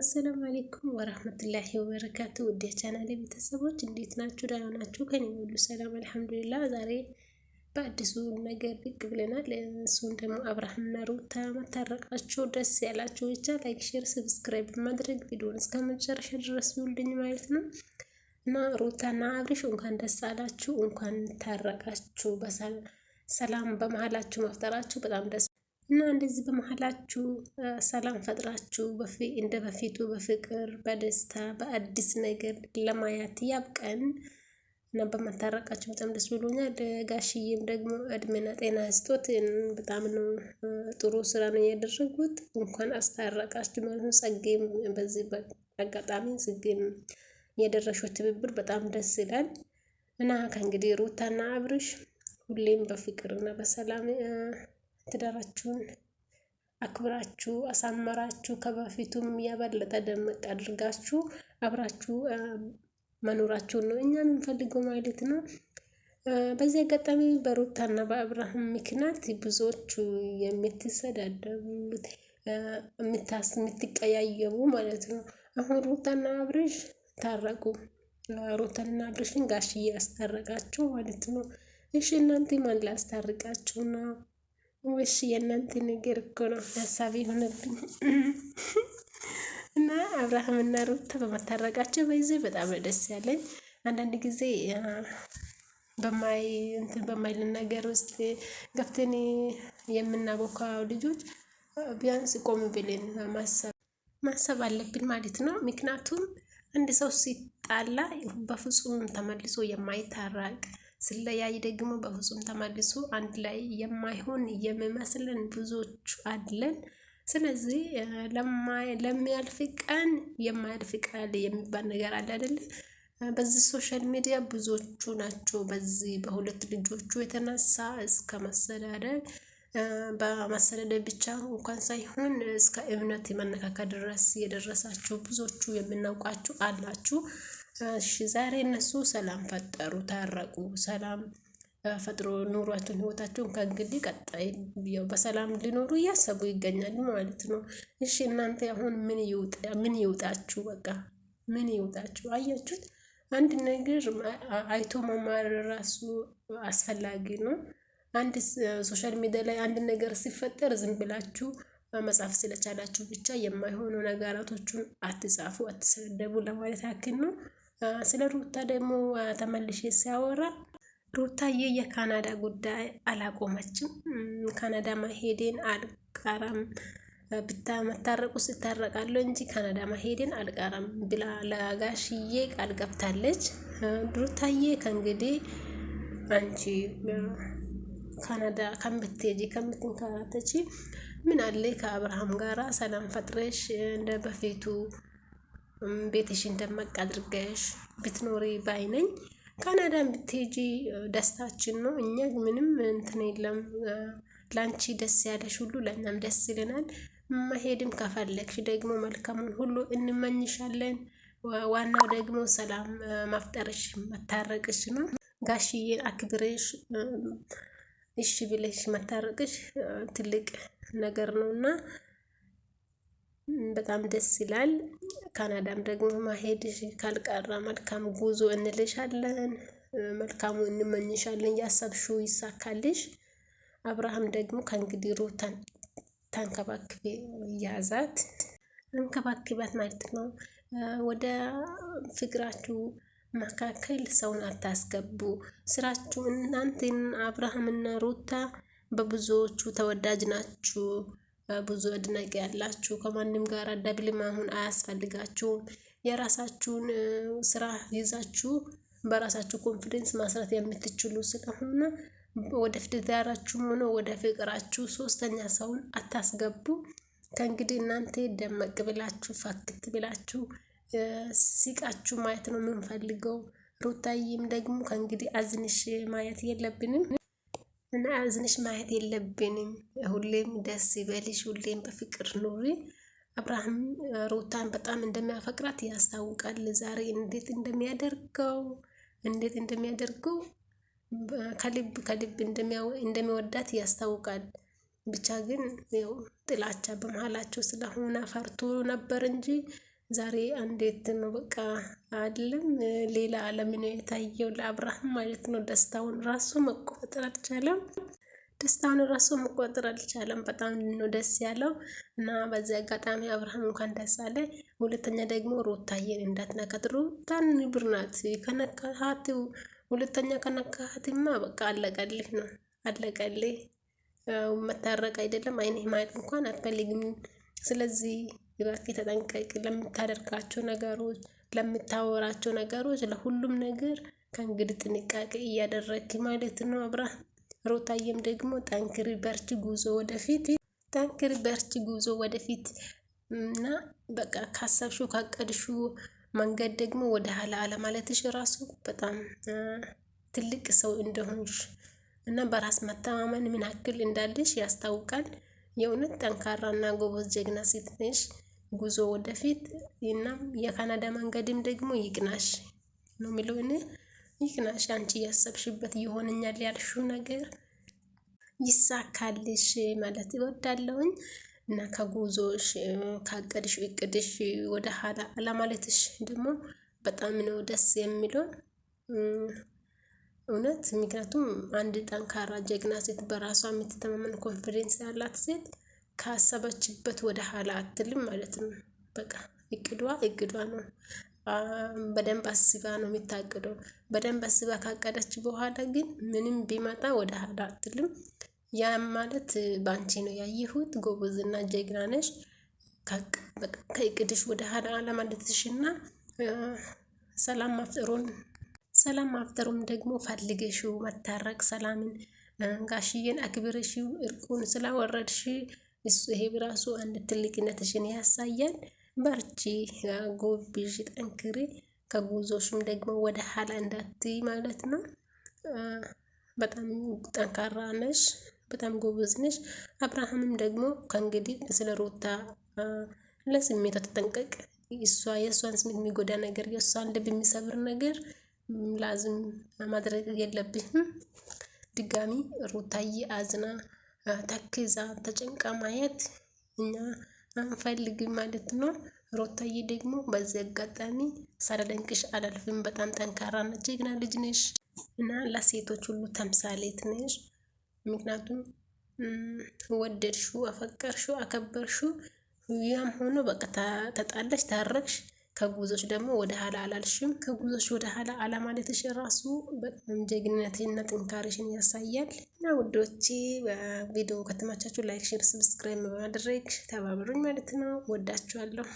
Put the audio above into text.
አሰላሙ አሌይኩም ወራህመቱላሂ ወበረካቱ። ውድ የቻናሌ ቤተሰቦች እንዴት ናችሁ? ደህና ናችሁ? ከኔ ሁሉ ሰላም አልሐምዱሊላ። ዛሬ በአዲሱ ነገር ብቅ ብለናል። እሱን ደግሞ አብርሃምና ሩታ መታረቃቸው ደስ ያላችሁ ብቻ ላይክ፣ ሼር፣ ሰብስክራይብ በማድረግ ቪዲዮን እስከ መጨረሻ ድረስ ይውልድኝ ማለት ነው እና ሩታና አብርሽ እንኳን ደስ አላችሁ፣ እንኳን ታረቃችሁ። በሰላም በመሀላችሁ ማፍጠራችሁ በጣም ደስ እና እንደዚህ በመሀላችሁ ሰላም ፈጥራችሁ እንደ በፊቱ በፍቅር በደስታ በአዲስ ነገር ለማየት ያብቀን እና በመታረቃችሁ በጣም ደስ ብሎኛል። ጋሽዬም ደግሞ እድሜና ጤና ስጦት በጣም ነው ጥሩ ስራ ነው ያደረጉት። እንኳን አስታረቃችሁ ማለት ነው። ጸጌም በዚህ አጋጣሚ ጽጌም የደረሸው ትብብር በጣም ደስ ይላል እና ከእንግዲህ ሩታና አብርሽ ሁሌም በፍቅርና በሰላም ትዳራችሁን አክብራችሁ አሳመራችሁ ከበፊቱም የበለጠ ደመቅ አድርጋችሁ አብራችሁ መኖራችሁን ነው እኛ የምንፈልገው ማለት ነው። በዚህ አጋጣሚ በሩታና በአብርሃም ምክንያት ብዙዎቹ የምትሰዳደቡ የምትቀያየቡ ማለት ነው። አሁን ሩታና አብርሽ ታረቁ። ሩታና አብርሽን ጋሽዬ ያስታረቃቸው ማለት ነው። እሺ እናንተ ማን ላስታርቃችሁ ነው? ውሽ የእናንተ ነገር እኮ ነው ሀሳብ የሆነብኝ እና አብርሃም እና ሩት በመታረቃቸው በዚህ በጣም ደስ ያለኝ። አንዳንድ ጊዜ በማይ እንትን በማይልን ነገር ውስጥ ገብተን የምናቦካው ልጆች ቢያንስ ቆም ብለን ማሰብ ማሰብ አለብን ማለት ነው። ምክንያቱም አንድ ሰው ሲጣላ በፍጹም ተመልሶ የማይታረቅ ስለያይ ደግሞ በፍጹም ተመልሶ አንድ ላይ የማይሆን የሚመስለን ብዙዎቹ አለን። ስለዚህ ለሚያልፍ ቀን የማያልፍ ቃል የሚባል ነገር አለ አይደለ? በዚህ ሶሻል ሚዲያ ብዙዎቹ ናቸው። በዚህ በሁለት ልጆቹ የተነሳ እስከ መሰዳደር በመሰዳደር ብቻ እንኳን ሳይሆን እስከ እምነት የመነካከር ድረስ የደረሳቸው ብዙዎቹ የምናውቃችሁ አላችሁ። እሺ ዛሬ እነሱ ሰላም ፈጠሩ፣ ታረቁ። ሰላም ፈጥሮ ኑሯቸውን ህይወታቸውን ከእንግዲህ ቀጣይ ያው በሰላም ሊኖሩ እያሰቡ ይገኛሉ ማለት ነው። እሺ እናንተ አሁን ምን ይውጣችሁ? በቃ ምን ይውጣችሁ? አያችሁት፣ አንድ ነገር አይቶ መማር ራሱ አስፈላጊ ነው። አንድ ሶሻል ሚዲያ ላይ አንድ ነገር ሲፈጠር ዝም ብላችሁ መጻፍ ስለቻላችሁ ብቻ የማይሆኑ ነገራቶቹን አትጻፉ፣ አትሰደቡ ለማለት ያክል ነው። ስለ ሩታ ደግሞ ተመልሼ ሲያወራ ሩታዬ የካናዳ ጉዳይ አላቆመችም። ካናዳ መሄዴን አልቀረም ብታ መታረቁ ስታረቃለሁ እንጂ ካናዳ መሄዴን አልቀረም ብላ ለጋሽዬ ቃል ገብታለች። ሩታዬ ከእንግዲህ አንቺ ካናዳ ከምትሄጂ ከምትንከራተች ምን አለ ከአብርሃም ጋራ ሰላም ፈጥረሽ እንደ በፊቱ ቤትሽን ደመቅ አድርገሽ ብትኖሪ ባይነኝ። ካናዳን ብትሄጂ ደስታችን ነው። እኛ ምንም እንትን የለም። ለአንቺ ደስ ያለሽ ሁሉ ለእኛም ደስ ይለናል። መሄድም ከፈለግሽ ደግሞ መልካሙን ሁሉ እንመኝሻለን። ዋናው ደግሞ ሰላም ማፍጠርሽ መታረቅሽ ነው። ጋሽዬን አክብሬሽ እሺ ብለሽ መታረቅሽ ትልቅ ነገር ነው እና በጣም ደስ ይላል። ካናዳም ደግሞ ማሄድሽ ካልቀረ መልካም ጉዞ እንልሻለን፣ መልካሙ እንመኝሻለን፣ ያሰብሽው ይሳካልሽ። አብርሃም ደግሞ ከእንግዲህ ሩታን ተንከባክቤ ያዛት እንከባክቢያት ማለት ነው። ወደ ፍቅራችሁ መካከል ሰውን አታስገቡ። ስራችሁ እናንተን አብርሃምና ሩታ በብዙዎቹ ተወዳጅ ናችሁ። ብዙ አድናቂ ያላችሁ ከማንም ጋር ደብል መሆን አያስፈልጋችሁም። የራሳችሁን ስራ ይዛችሁ በራሳችሁ ኮንፊደንስ ማስራት የምትችሉ ስለሆነ ወደ ትዳራችሁም ሆነ ወደ ፍቅራችሁ ሶስተኛ ሰውን አታስገቡ። ከእንግዲህ እናንተ ደመቅ ብላችሁ ፈክት ብላችሁ ሲቃችሁ ማየት ነው የምንፈልገው። ሩታይም ደግሞ ከእንግዲህ አዝንሽ ማየት የለብንም። እና አዝነሽ ማየት የለብንም። ሁሌም ደስ ይበልሽ፣ ሁሌም በፍቅር ኑሪ። አብርሃም ሩታን በጣም እንደሚያፈቅራት ያስታውቃል። ዛሬ እንዴት እንደሚያደርገው እንዴት እንደሚያደርገው ከልብ ከልብ እንደሚወዳት ያስታውቃል። ብቻ ግን ያው ጥላቻ በመሀላቸው ስለሆነ ፈርቶ ነበር እንጂ ዛሬ እንዴት ነው በቃ አይደለም ሌላ ዓለም ነው የታየው ለአብርሃም ማለት ነው። ደስታውን ራሱ መቆጣጠር አልቻለም። ደስታውን ራሱ መቆጣጠር አልቻለም። በጣም ነው ደስ ያለው እና በዚህ አጋጣሚ አብርሃም እንኳን ደስ አለ። ሁለተኛ ደግሞ ሩታዬን እንዳትነካት። ሩታን ብር ናት። ከነካሃት ሁለተኛ ከነካሃትማ በቃ አለቀልህ ነው አለቀልህ። መታረቅ አይደለም አይንህ ማየት እንኳን አትፈልግም። ስለዚህ እባክህ ተጠንቀቂ። ለምታደርጋቸው ነገሮች፣ ለምታወራቸው ነገሮች፣ ለሁሉም ነገር ከእንግዲህ ጥንቃቄ እያደረግክ ማለት ነው አብርሃም። ሩታዬም ደግሞ ጠንክሪ፣ በርቺ፣ ጉዞ ወደፊት፣ ጠንክሪ፣ በርቺ፣ ጉዞ ወደፊት እና በቃ ካሰብሹ ካቀድሹ መንገድ ደግሞ ወደ ኋላ አለማለትሽ ራሱ በጣም ትልቅ ሰው እንደሆንሽ እና በራስ መተማመን ምን ያክል እንዳለሽ ያስታውቃል። የእውነት እና ጎበዝ ጀግና ሴት ነሽ። ጉዞ ወደፊት እና የካናዳ መንገድም ደግሞ ይቅናሽ ነው የሚለው። እኔ ይቅናሽ፣ አንቺ እያሰብሽበት ይሆንኛል ያልሽው ነገር ይሳካልሽ ማለት ይወዳለሁኝ እና ከጉዞሽ ካቀድሽ እቅድሽ ወደ ኋላ አላማለትሽ ደግሞ በጣም ነው ደስ የሚለው እውነት። ምክንያቱም አንድ ጠንካራ ጀግና ሴት፣ በራሷ የምትተማመን ኮንፊደንስ ያላት ሴት ካሰበችበት ወደ ኋላ አትልም ማለት ነው። በቃ እቅዷ እቅዷ ነው። በደንብ አስባ ነው የሚታቅደው። በደንብ አስባ ካቀደች በኋላ ግን ምንም ቢመጣ ወደ ኋላ አትልም። ያም ማለት በአንቺ ነው ያየሁት። ጎበዝና ጀግና ነሽ። ከእቅድሽ ወደ ኋላ አለማለትሽና ሰላም ማፍጠሩን ሰላም ማፍጠሩም ደግሞ ፈልገሽው መታረቅ ሰላምን ጋሽዬን አክብረሽው እርቁን ስላወረድሽ እሱ ይሄ ራሱ አንድ ትልቅነትሽን ያሳያል። በርቺ፣ ጎብዥ፣ ጠንክሪ። ከጉዞሽም ደግሞ ወደ ኋላ እንዳትይ ማለት ነው። በጣም ጠንካራ ነሽ፣ በጣም ጎበዝ ነሽ። አብርሃምም ደግሞ ከእንግዲህ ስለ ሩታ ለስሜቷ ተጠንቀቅ። እሷ የእሷን ስሜት የሚጎዳ ነገር፣ የእሷን ልብ የሚሰብር ነገር ላዝም ማድረግ የለብህም። ድጋሚ ሩታዬ አዝና ተክዛ ተጨንቃ ማየት እኛ አንፈልግም ማለት ነው። ሮታዬ ደግሞ በዚህ አጋጣሚ ሳላደንቅሽ አላልፍም። በጣም ነች፣ ጀግና ልጅ ነሽ እና ለሴቶች ሁሉ ተምሳሌት ነሽ። ምክንያቱም ወደድሹ፣ አፈቀርሹ፣ አከበርሹ ያም ሆኖ በቃ ተጣለሽ፣ ታረቅሽ ከጉዞች ደግሞ ወደ ኋላ አላልሽም። ከጉዞች ወደ ኋላ አለማለትሽ ራሱ በጣም ጀግንነትና ጥንካሬሽን ያሳያል። እና ውዶቼ በቪዲዮ ከተመቻችሁ ላይክ፣ ሼር፣ ሰብስክራይብ በማድረግ ተባበሩኝ ማለት ነው። ወዳችኋለሁ።